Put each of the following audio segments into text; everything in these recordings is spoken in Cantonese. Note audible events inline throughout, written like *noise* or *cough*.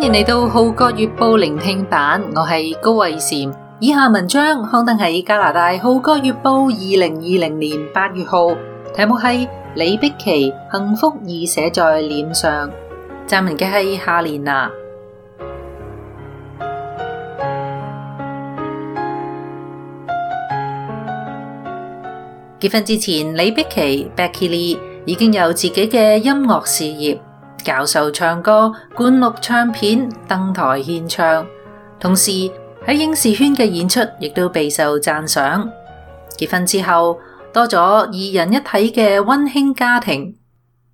歡迎嚟到《號角月報》聆聽版，我係高慧嬋。以下文章刊登係加拿大《號角月報》二零二零年八月號，題目係李碧琪幸福已寫在臉上。撰文嘅係夏蓮娜。結婚之前，李碧琪 （Becky Lee） 已經有自己嘅音樂事業。教授唱歌、灌錄唱片、登台獻唱，同時喺影視圈嘅演出亦都備受讚賞。結婚之後，多咗二人一體嘅溫馨家庭，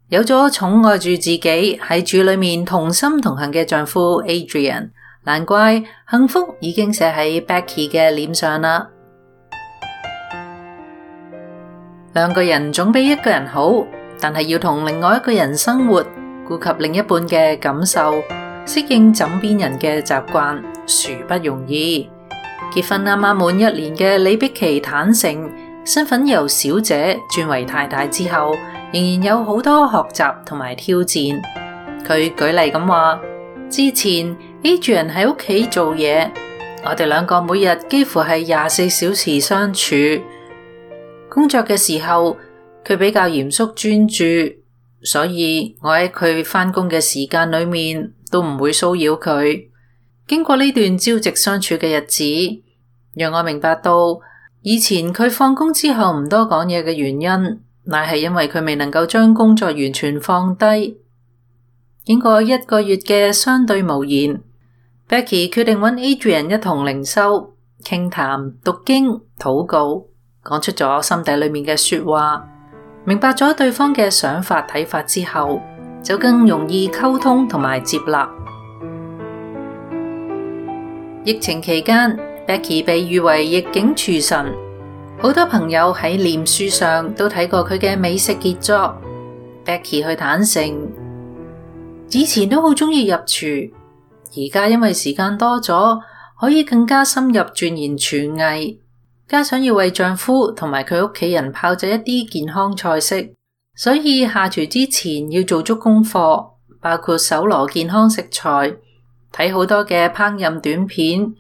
有咗寵愛住自己喺主裏面同心同行嘅丈夫 Adrian，難怪幸福已經寫喺 Becky 嘅臉上啦。兩個人總比一個人好，但係要同另外一個人生活。顧及另一半嘅感受，適應枕邊人嘅習慣，殊不容易。結婚啱啱滿一年嘅李璧琦坦承，身份由小姐轉為太太之後，仍然有好多學習同埋挑戰。佢舉例咁話：之前 Adrian 喺屋企做嘢，我哋兩個每日幾乎係廿四小時相處。工作嘅時候，佢比較嚴肅專注。所以我喺佢返工嘅時間裏面都唔會騷擾佢。經過呢段朝夕相處嘅日子，讓我明白到以前佢放工之後唔多講嘢嘅原因，乃係因為佢未能夠將工作完全放低。經過一個月嘅相對無言 *music* ，Becky 決定揾 Adrian 一同靈修、傾談、讀經、禱告，講出咗心底裏面嘅說話。明白咗對方嘅想法睇法之後，就更容易溝通同埋接納。 *music* 疫情期間 *music* ，Becky 被譽為「逆境廚神」，好多朋友喺臉書上都睇過佢嘅美食傑作。Becky 去坦承，以前都好鍾意入廚，而家因為時間多咗，可以更加深入鑽研廚藝。加上要為丈夫同埋佢屋企人炮製一啲健康菜式，所以下廚之前要做足功課，包括搜羅健康食材，睇好多嘅烹飪短片，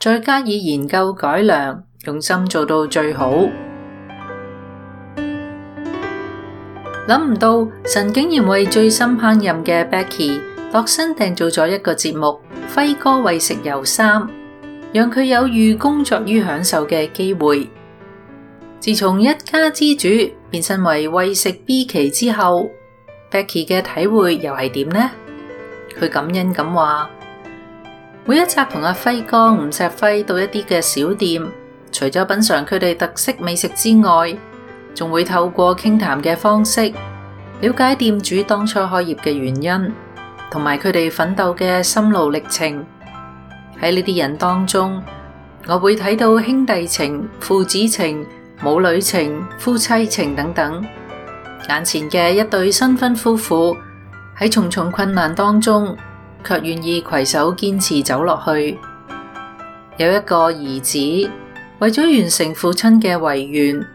再加以研究改良，用心做到最好。諗唔 *music* 到，神竟然為最憎烹飪嘅 Becky，度身訂造咗一個節目《輝哥為食油三》。讓佢有寓工作於享受嘅機會。自從一家之主變身為喂食 B 期之後 *music* ，Becky 嘅體會又係點呢？佢感恩咁話： *music* 每一集同阿輝哥、吳錫輝到一啲嘅小店，除咗品嘗佢哋特色美食之外，仲會透過傾談嘅方式，了解店主當初開業嘅原因，同埋佢哋奮鬥嘅心路歷程。喺呢啲人當中，我會睇到兄弟情、父子情、母女情、夫妻情等等。眼前嘅一對新婚夫婦喺重重困難當中，卻願意攜手堅持走落去。有一個兒子為咗完成父親嘅遺願，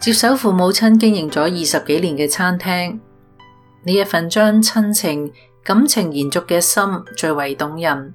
接手父母親經營咗二十幾年嘅餐廳，呢一份將親情感情延續嘅心，最為動人。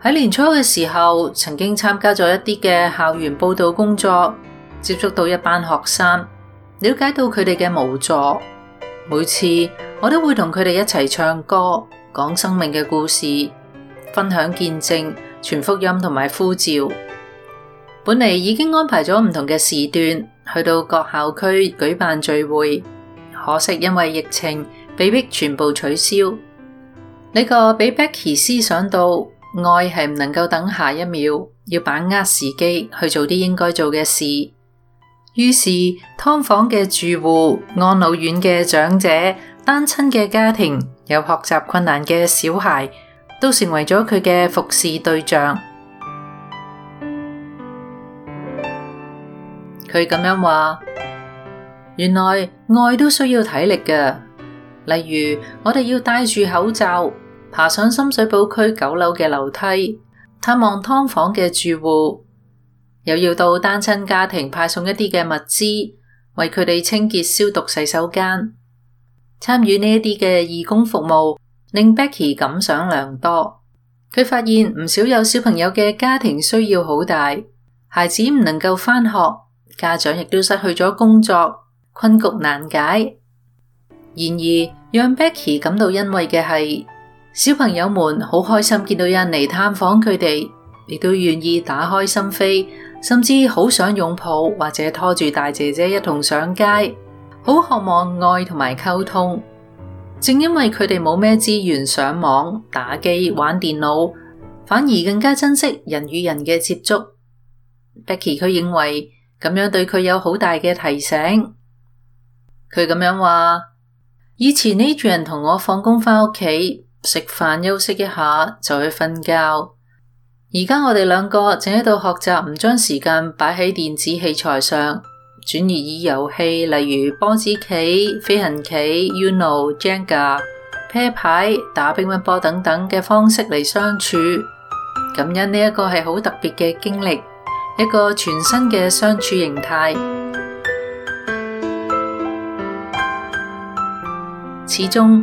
喺年初嘅時候，曾經參加咗一啲嘅校園報道工作，接觸到一班學生，了解到佢哋嘅無助。每次我都會同佢哋一齊唱歌，講生命嘅故事，分享見證，傳福音同埋呼召。本嚟已經安排咗唔同嘅時段去到各校區舉辦聚會，可惜因為疫情，被迫全部取消。呢、這個俾 Becky 思想到。愛係唔能夠等下一秒，要把握時機去做啲應該做嘅事。於是，劏房嘅住戶、安老院嘅長者、單親嘅家庭、有學習困難嘅小孩，都成為咗佢嘅服侍對象。佢咁樣話：原來愛都需要體力㗎，例如我哋要戴住口罩。爬上深水埗區九樓嘅樓梯，探望劏房嘅住戶，又要到單親家庭派送一啲嘅物資，為佢哋清潔消毒洗手間。參與呢一啲嘅義工服務，令 Becky 感想良多。佢發現唔少有小朋友嘅家庭需要好大，孩子唔能夠返學，家長亦都失去咗工作，困局難解。然而，讓 Becky 感到欣慰嘅係。小朋友們好開心見到有人嚟探訪佢哋，亦都願意打開心扉，甚至好想擁抱或者拖住大姐姐一同上街，好渴望愛同埋溝通。正因為佢哋冇咩資源上網打機玩電腦，反而更加珍惜人與人嘅接觸。Becky 佢認為咁樣對佢有好大嘅提醒，佢咁樣話：以前 Adrian 同我放工返屋企。食飯休息一下就去瞓覺。而家我哋兩個正喺度學習，唔將時間擺喺電子器材上，轉而以遊戲，例如波子棋、飛行棋、Uno、Jenga、啤牌、打乒乓波等等嘅方式嚟相處。感恩呢一個係好特別嘅經歷，一個全新嘅相處形態。始終。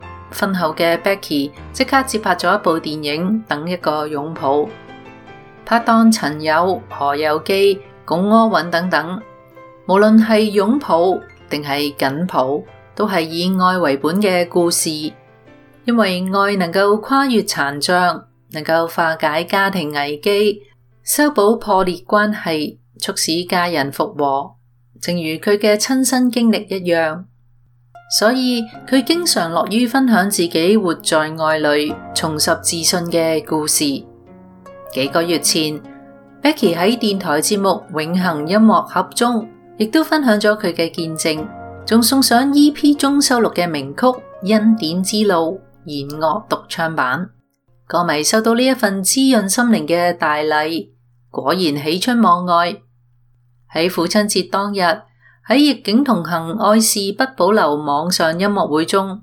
婚後嘅 Becky 即刻接拍咗一部電影《等一個擁抱》，拍檔陳友、何友基、龔柯允等等。無論係擁抱定係緊抱，都係以愛為本嘅故事。因為愛能夠跨越殘障，能夠化解家庭危機，修補破裂關係，促使家人復和，正如佢嘅親身經歷一樣。所以佢經常樂於分享自己活在愛裏、重拾自信嘅故事。幾個月前 *noise* ，Becky 喺電台節目《永恆音樂盒》中，亦都分享咗佢嘅見證，仲送上 E.P 中收錄嘅名曲《恩典之路》弦樂獨唱版。歌迷收到呢一份滋潤心靈嘅大禮，果然喜出望外。喺父親節當日，喺《逆境同行，愛是不保留》網上音樂會中，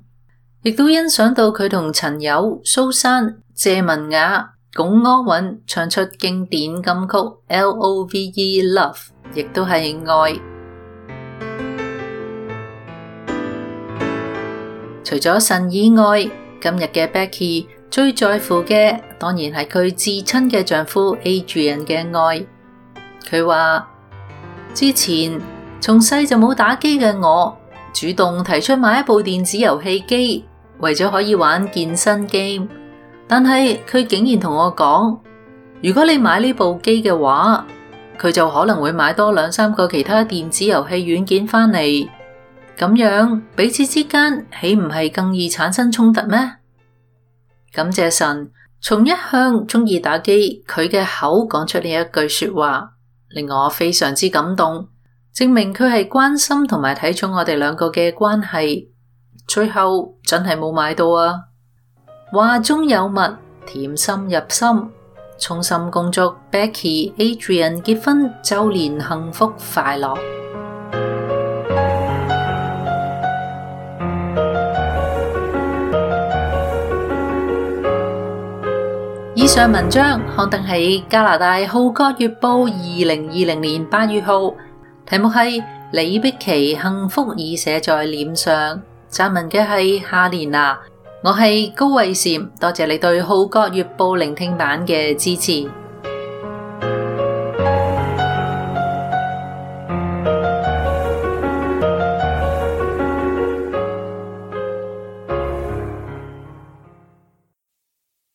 亦都欣賞到佢同陳友、蘇珊、謝文雅、龔柯允唱出經典金曲《L O V E Love》，亦都係愛。 *music* 除咗神以外，今日嘅 Becky 最在乎嘅，當然係佢至親嘅丈夫 Adrian 嘅愛。佢話之前。從細就冇打機嘅我，主動提出買一部電子遊戲機，為咗可以玩健身 game。但係佢竟然同我講：如果你買呢部機嘅話，佢就可能會買多兩三個其他電子遊戲軟件返嚟。咁樣彼此之間豈唔係更易產生衝突咩？感謝神，從一向鍾意打機，佢嘅口講出呢一句說話，令我非常之感動。證明佢係關心同埋睇重我哋兩個嘅關係。最後真係冇買到啊！話中有物，甜心入心，衷心恭祝 Becky Adrian 結婚周年幸福快樂。以上文章刊登喺加拿大《號角月報》二零二零年八月號。題目係李璧琦幸福已寫在臉上。撰文嘅係夏連娜，我係高慧嬋，多謝你對《號角月報》聆聽版嘅支持。